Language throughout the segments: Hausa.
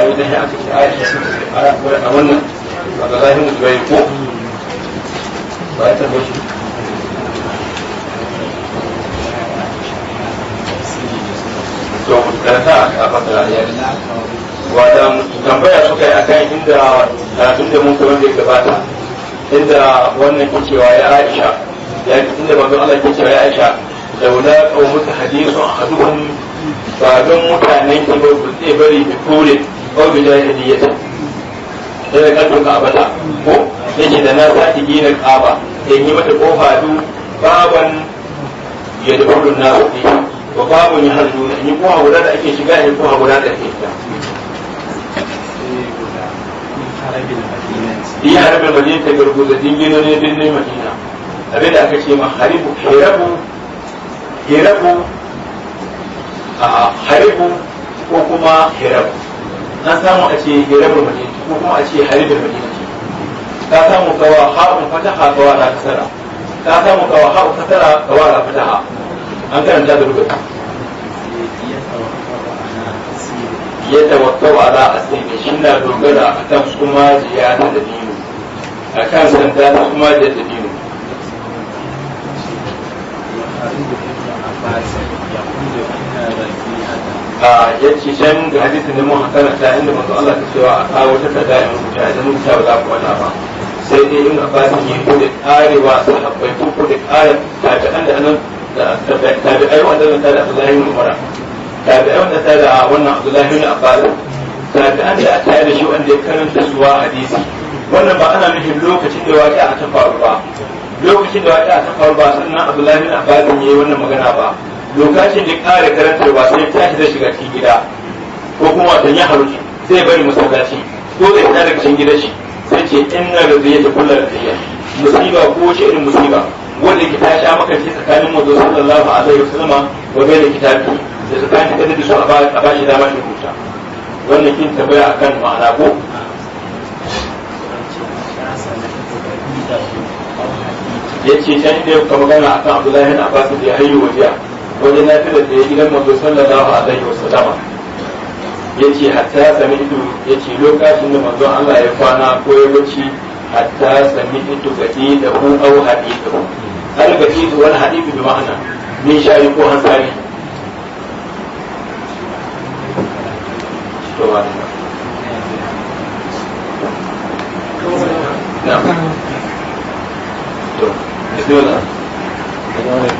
a yi dahi aka ce a wannan a ga zahin ko wata tambaya suka yi akan inda karatun da mun kuma zai gabata inda wannan kicewa ya aisha ya inda manzo Allah kicewa ya aisha laula qawmuka hadithun ahaduhum ba don mutanen ki ba bari bi ko bi jahiliyyata sai da eh, ka ka'abata ko yake da na sake gina kaba in yi mata kofa du baban ya da ulun na rufe wa babu ya hannu in yi kuma guda da ake shiga in kuma guda da ake shiga iya harabin madina ta garguza gina ne din ne madina abin da aka ce ma haribu hirabu hirabu a haribu ko kuma hirabu an samu a ce hirabul madina ko kuma a ce haribul madina ka samu kawa ha'un fataha kawa la kasara ka samu kawa ha'un kasara kawa la fataha an karanta da rubuta ya tawakkau ala asiri shi na dogara akan kuma ziyada da dinu akan sanda kuma da dinu ya ce sai mun ga hadisin da mun ta inda manzo Allah ta cewa a kawo ta kaza in rubuta da mun ta ba za ku wata ba sai dai in abbasin yi ko da karewa sahabbai ko ko da kare tabi'an da anan tabi'ai wanda zan tada Abdullahi ibn Umar tabi'ai wanda tada wannan Abdullahi ibn Abbas ta da aka yi da shi wanda ya karanta suwa hadisi wannan ba ana nufin lokacin da waƙi a ta faru ba lokacin da waƙi a ta faru ba sannan Abdullahi ibn Abbas ne wannan magana ba doka ce da kare karantarwa sai tashi zai shiga cikin gida ko kuma wasan ya haruki zai bari masallaci ko zai ta daga cikin gida shi sai ce ina da zai ta kullar da musiba ko wace irin musiba wanda ke tashi a makarci tsakanin mazo sallallahu alaihi wasallama wa bai da kitabi da tsakanin kada da su a bashi dama shi kuta wannan kin tabbaya akan ma'ana ko yace ce can da ya magana akan abdullahi bin abbas da ya hayyu wajiya wajen na fi da ta yi gidan manzo sallallahu alaihi wasallam yace hatta sami idu yace lokacin da manzo Allah ya kwana ko ya wuce hatta sami idu gadi da hu au hadithu al gadi wal hadithu bi ma'ana min shayi ko hansari to ba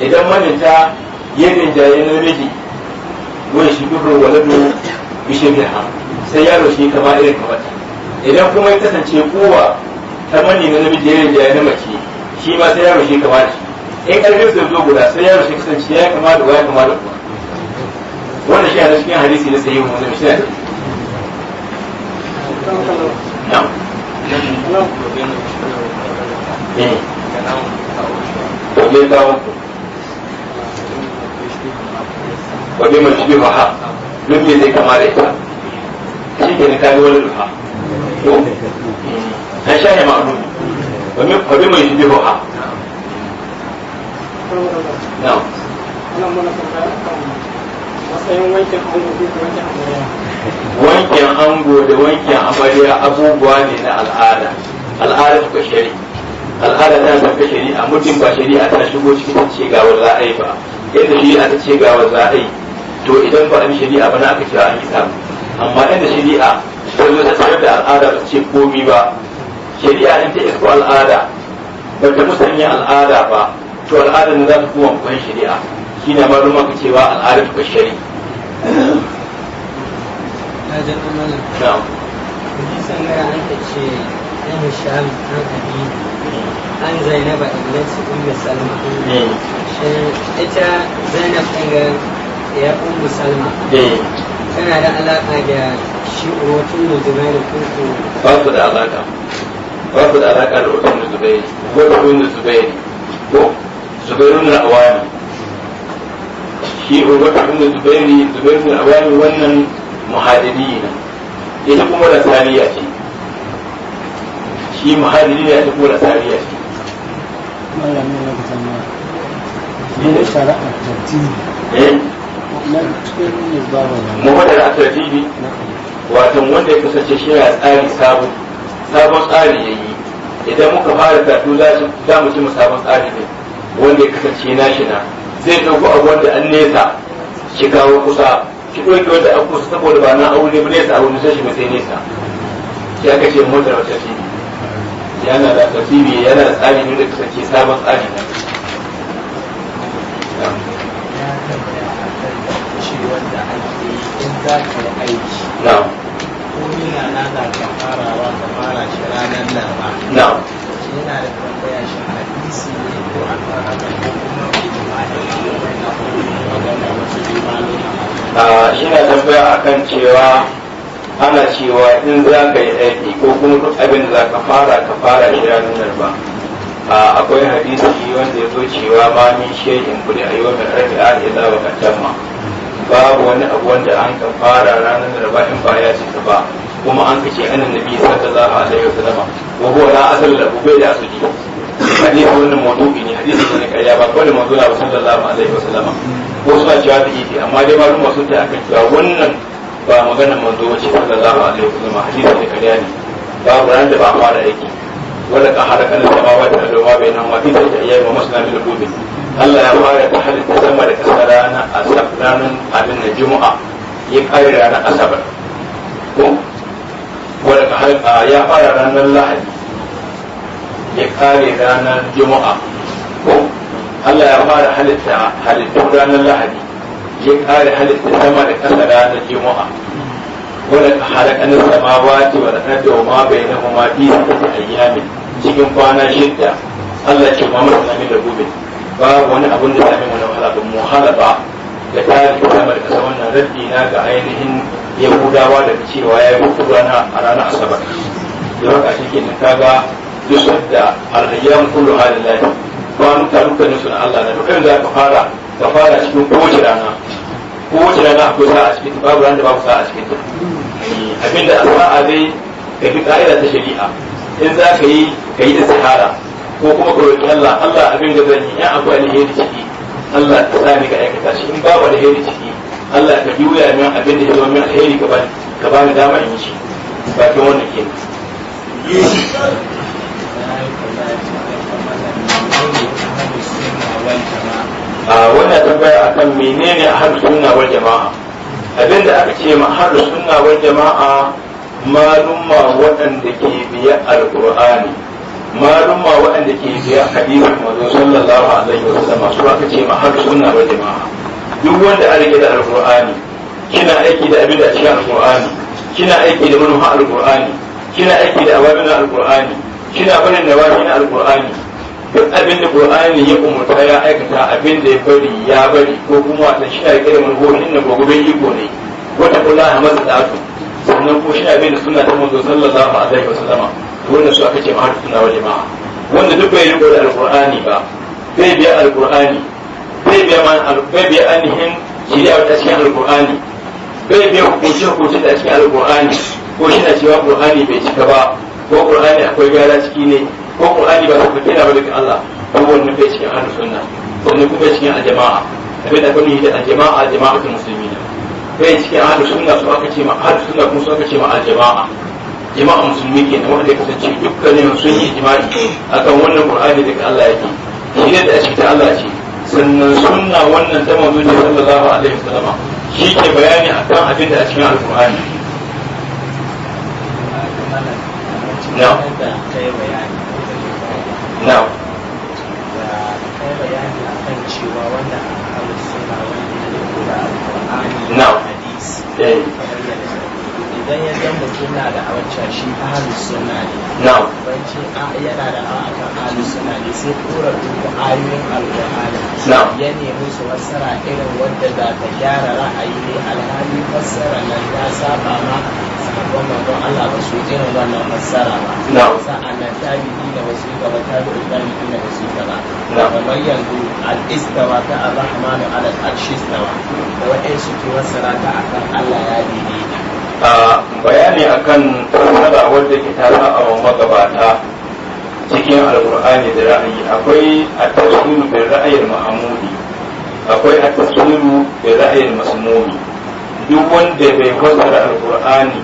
idan maninta ya rinjaye namiji wani shi duhu waladu bishe ha sai yaro shi kama irin kamata idan kuma ya kasance kowa ta mani na namiji ya rinjaye na mace shi ma sai yaro shi kama da shi in karfin su zo guda sai yaro shi kasance ya kama da waya kama da kuma wannan shi a cikin hadisi na sayi wanda mishi da na'am ne eh. kawo wa bi mashbiha duk ne zai kama da ita shi ke na kayi wani ruha na shahe ma'anu wa bi mashbiha na'am wankin ango da wankin amarya abubuwa ne na al'ada al'ada ta shari al'ada ta tafi shari'a mutum ba shari'a ta shigo cikin ce ga wa za'ai ba yadda shari'a ta ce ga wa za'ai to idan ba an shari'a ba na aka cewa an yi samu amma inda shari'a wani ta tsayar da al'ada ba ce komi ba shari'a in ta isko al'ada ba ta musanya al'ada ba to al'ada ne za ta kuma kwan shari'a shi ne ma rumaka cewa al'ada ta bashari. Hadisan gara an ta ce ɗan Hisham ɗan Habibu an zainaba ibn salma mm. shin ita zainab ɗin ya ummu salma eh. tana da alaƙa da shi urwatun da zubairu kuku ba ku da alaƙa ba ku da alaƙa da urwatun da zubairu ko urwatun da zubairu ko zubairu na awami shi urwatun da zubairu zubairu na awami wannan muhadiri ne ita kuma da sariya ce shi muhadiri ne ita kuma da sariya ce malamin lokacin ma ne shara'a tartibi eh? muhammad al-asadibi wato wanda ya kasance shi ya tsari sabon sabon tsari ya yi idan muka fara karatu za mu ci mu sabon tsari ne wanda ya kasance na shi na zai ɗauko a wanda an nesa shi kawo kusa shi ɗauki wanda an kusa saboda ba na aure ba nesa abu nisa shi mai sai nesa ya aka ce muhammad al-asadibi yana da tasiri yana da tsari ne da kasance sabon tsari ne za ka yi aiki ko mina na za ka farawa ka fara shi ranar larba yana da tambaya shi hadisi ne ko a kan haka ko kuma yana tambaya akan cewa ana cewa in za ka yi aiki ko kuma duk abin da za ka fara ka fara shi ranar larba akwai hadisi wanda ya zo cewa ma min shayin kudi a yi wa mai a ya za wa katamma babu wani abu wanda an ka fara ranar da raba'in ba ya ce ta ba kuma an kace annabi nabi sallallahu alaihi wasallam wa huwa la asal bu bai da asali hadisi wannan mawdu'i ne hadisi ne na karya ba da mawdu'i ba sallallahu alaihi wasallam ko su cewa da yake amma dai malum wasu ta aka cewa wannan ba maganar manzo wace sallallahu alaihi wasallam hadisi ne karya ne babu ranar da ba fara aiki wala ka haraka na samawa da alwa bainahu wa fi ta ayyama muslimin da Allah ya ware ta halitta sama da kasa ranar asab ranar abin da juma'a ya kare ranar asabar ko wanda ya fara ranar lahadi ya kare ranar juma'a ko Allah ya fara halitta halitta ranar lahadi ya kare halitta sama da kasa ranar juma'a wanda halakanin samawati wa da ma bainahuma fi sittati ayyamin cikin kwana shidda Allah ya ce mamar da gobe babu wani abun da zai wani na wahala ba mu halaba ga tarihi ta bar kasa wannan raddi na ga ainihin yahudawa da cewa ya yi mutu rana a ranar asabar da haka shi ke ta ga duk da al'ayyam kullu halin lafi ba mu taru ka nusu na Allah na dukkan da ka fara ka fara cikin kowace rana kowace rana akwai sa'a cikin ta babu ranar da babu sa'a cikin ta abinda sa'a dai ka bi ka'ida ta shari'a in za ka yi ka yi istihara ko kuma ko roƙi Allah Allah abin da zan yi ya akwai alheri ciki Allah ta sa ni ga aikata shi in babu alheri ciki Allah ka juya min abin da ya zama min alheri ka bani ka bani dama in yi shi bakin wannan ke a wannan tambaya akan menene ahlus sunna wal jama'a abinda aka ce ma ahlus sunna wal jama'a malumma waɗanda ke biya alqur'ani malum ma waɗanda ke biya hadisin manzo sallallahu alaihi wa sallam su aka ce ma har sunna wa jama'a duk wanda an rike da alqur'ani kina aiki da abin da cikin alqur'ani kina aiki da manhaj alqur'ani kina aiki da ababen alqur'ani kina barin nawafi na alqur'ani duk abin da qur'ani ya umurta ya aikata abin da ya bari ya bari ko kuma da shi ake da manhajin na gogobin iko ne wata kula a masu sannan ko shi abin da sunna ta manzo sallallahu alaihi wa sallama wannan su aka ce ma suna wa wanda duk bai riko da alqur'ani ba bai biya alqur'ani bai biya man bai biya anihin shari'a ta cikin alkur'ani bai biya hukunci hukunci da cikin alqur'ani ko shi na cewa alkur'ani bai cika ba ko qur'ani akwai gara ciki ne ko qur'ani ba ta kira ba Allah ko wannan bai cikin ahlus sunna wannan kuma cikin aljama'a abin da kuma yi da aljama'a aljama'atul muslimin bai cikin ahlus sunna su aka ce ma ahlus sunna kuma su aka ce ma aljama'a jama'a musulmi ke nan wanda ya kasance dukkanin sun yi jima'i akan wannan qur'ani daga Allah yake shi ne da a cikin Allah ce sannan sunna wannan ta manzo ne sallallahu alaihi wasallam shi ke bayani akan abin da a cikin alqur'ani na na na na idan ya zan mutum na da awacca shi ahli ne na banci yana da awakan ahli sunna ne sai tura duka ayoyin alqur'ani na ya nemi su fassara irin wanda za ta gyara ra'ayi ne alhali fassara nan ta saba ma sabon manzon Allah ba su irin wannan fassara ba na sa'annan tabi'i da wasu gaba tabi'i da tabi'i da wasu gaba kamar yanzu al-istawa ta ar-rahmanu ala al-arshi da wa'in ke fassara ta akan Allah ya daidaita a bayani akan matsala wadda ke tara a magabata cikin alkur'ani da ra'ayi akwai at-tasmiru bi ra'ayin ma'amudi akwai at-tasmiru bi ra'ayin masmumi duk wanda bai fassara alkur'ani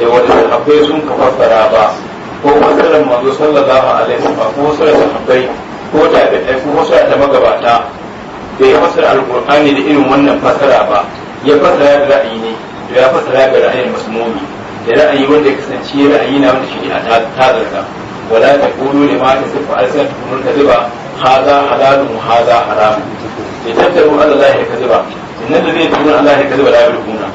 da wanda akwai sun ka fassara ba ko fassarar manzo sallallahu alaihi wa ko fassarar sahabbai ko da ko fassarar da magabata bai fassara alkur'ani da irin wannan fassara ba ya fassara da ra'ayi ne ya fasara ga ra'ayin masmumi da ra'ayi wanda ya kasance ra'ayi na wanda shari'a ta zarga wala ta kulu ne ma ta sifa alsan kumul kadiba haza halalun haza haramun ya tattaru Allah ya kadiba innan da zai tuna Allah ya kadiba la yarkuna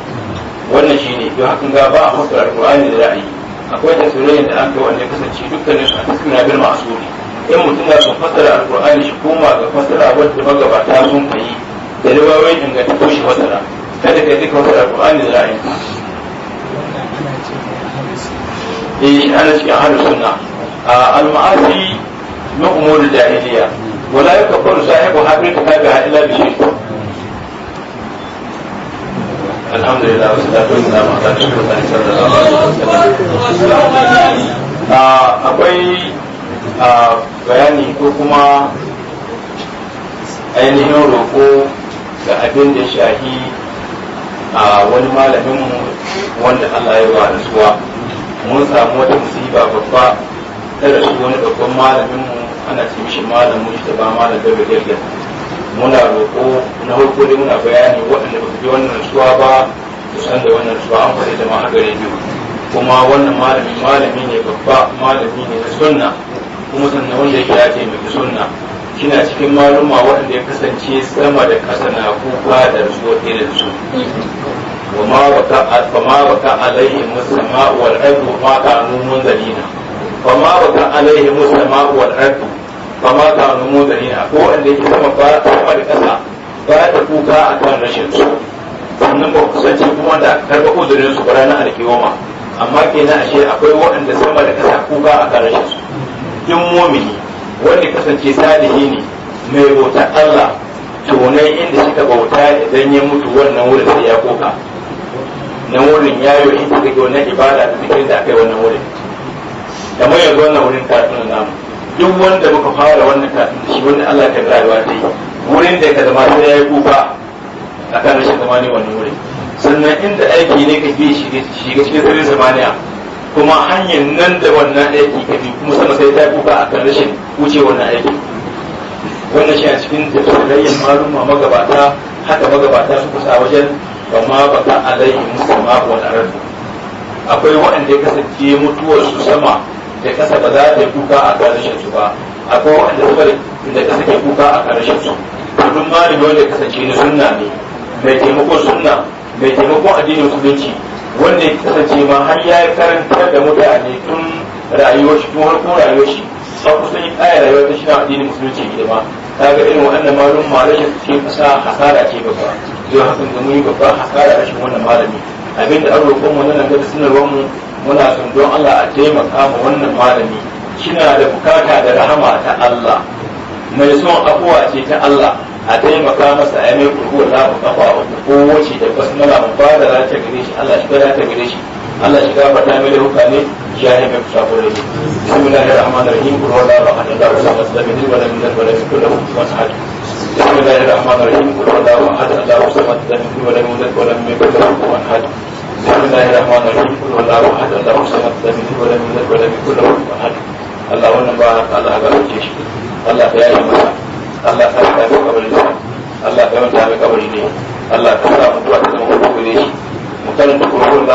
wannan shi ne don hakan ga ba a al alqur'ani da ra'ayi akwai tasirin da an ga wanda kasance dukkanin a cikin rabin ma'asuri in mutum na son fasara alqur'ani shi koma ga fasara wadda magabata sun kai da riwayoyin ingantattu shi fasara kada ka duka wani alƙur'ani za a yi eh ana cikin ahlus sunna al-ma'asi min umur jahiliya wala yakfuru sahibu hafi kitabiha illa bi shirk alhamdulillah wassalatu wassalamu ala rasulillah sallallahu alaihi akwai bayani ko kuma ainihin roƙo ga abin da shahi a wani malamin mu wanda Allah ya ba suwa mun samu wata musiba babba ta rasu wani babban malamin mu ana ce mishi ta ba malam da mun muna roƙo na farko dai muna bayani waɗanda ba su ji wannan rasuwa ba su san da wannan rasuwa an faɗi da ma a gare biyu kuma wannan malami malami ne babba malami ne na sunna kuma sannan wanda yake ya taimaki sunna kina cikin maluma waɗanda ya kasance sama da ƙasa na kuka da rasuwar irin su وما وقع فما وقع عليهم ba ma وما كانوا منذرين فما وقع عليهم السماء والارض فما كانوا dalina ko wanda yake sama ba sama da kasa ba ta kuka akan rashin su sannan ba kusanci kuma da karɓa uzurin su ranar alkiyoma amma kenan ashe akwai waɗanda sama da kasa kuka akan rashin su in mumini wanda kasance salihi ne mai bauta Allah tunai inda suka bauta idan ya mutu wannan wurin sai ya koka na wurin ya yi wani suka ga wannan ibada da zikirin da aka yi wannan wurin da mai yanzu wannan wurin kafin namu duk wanda muka fara wannan kafin shi wanda Allah ta rayuwa ta yi wurin da ka zama sai ya yi kuka a kan rashin zamani wannan wurin sannan inda aiki ne ka bi shi ga cikin zamaniya kuma hanyar nan da wannan aiki ka bi kuma sama sai ta kuka a kan rashin wuce wannan aiki wannan shi a cikin malum ma magabata haka magabata su kusa wajen ba ma ba ka alayhi musamma wa ardu akwai waɗanda ya kasance mutuwar su sama da kasa ba za ta yi kuka a kan rashin su ba akwai waɗanda suka da kasa ke kuka a kan rashin su duk malumi da kasance na sunna ne mai taimakon sunna mai taimakon addinin musulunci wanda ya kasance ma har ya karanta da mutane tun rayuwar shi tun harkun rayuwar shi sau kusan yi kaya rayuwar ta shi na musulunci musulunci girma ta ga irin wannan malum malami suke kasa hasara ce babba zuwa haka da mu yi babba hasara rashin wannan malami abinda an roƙon mu nan da sanarwar mu muna son don Allah a taimaka ma wannan malami kina da bukata da rahama ta Allah mai son afuwa ce ta Allah a taimaka masa a mai kurkuwa na kafa ko wace da basmala mu ba da za ta gare shi Allah shiga ta gare shi Allah shiga ba ta mai ruka ne ya yi mai kusa kore shi bismillahir rahmanir rahim qul huwa allahu ahad allah samad lam yalid walam yulad wa lam yakul lahu kufuwan ahad bismillahir rahmanir rahim qul huwa allahu ahad allah samad lam yalid walam yulad wa lam yakul lahu kufuwan ahad bismillahir rahmanir rahim qul huwa allahu ahad allah samad lam yalid walam yulad wa lam yakul lahu kufuwan ahad Allah wannan ba Allah ga shi Allah ya yi masa Allah ya yi Allah ka manta mai kabari ne Allah ka sa mu duwa ta zama hudu shi mu karanta kurkun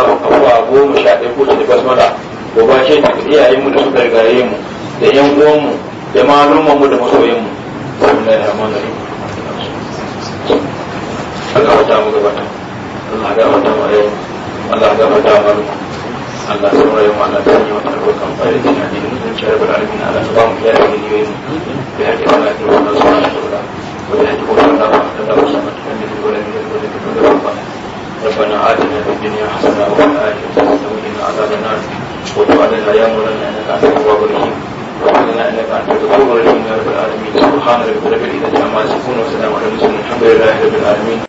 goma sha ɗaya ko iyayen mu da su rigaye mu da yan uwan mu da malumman mu da masoyan mu bismillahir Allah mu Allah Allah Allah mu Allah ta yi wata albarkan Allah mu ne da ربنا آتنا في الدنيا حسنة وفي الآخرة حسنة وقنا عذاب النار وتب علينا يا مولانا إنك أنت التواب الرحيم وتب علينا إنك أنت الغفور الرحيم يا رب العالمين سبحان ربك رب العزة عما يصفون وسلام على المرسلين الحمد لله رب العالمين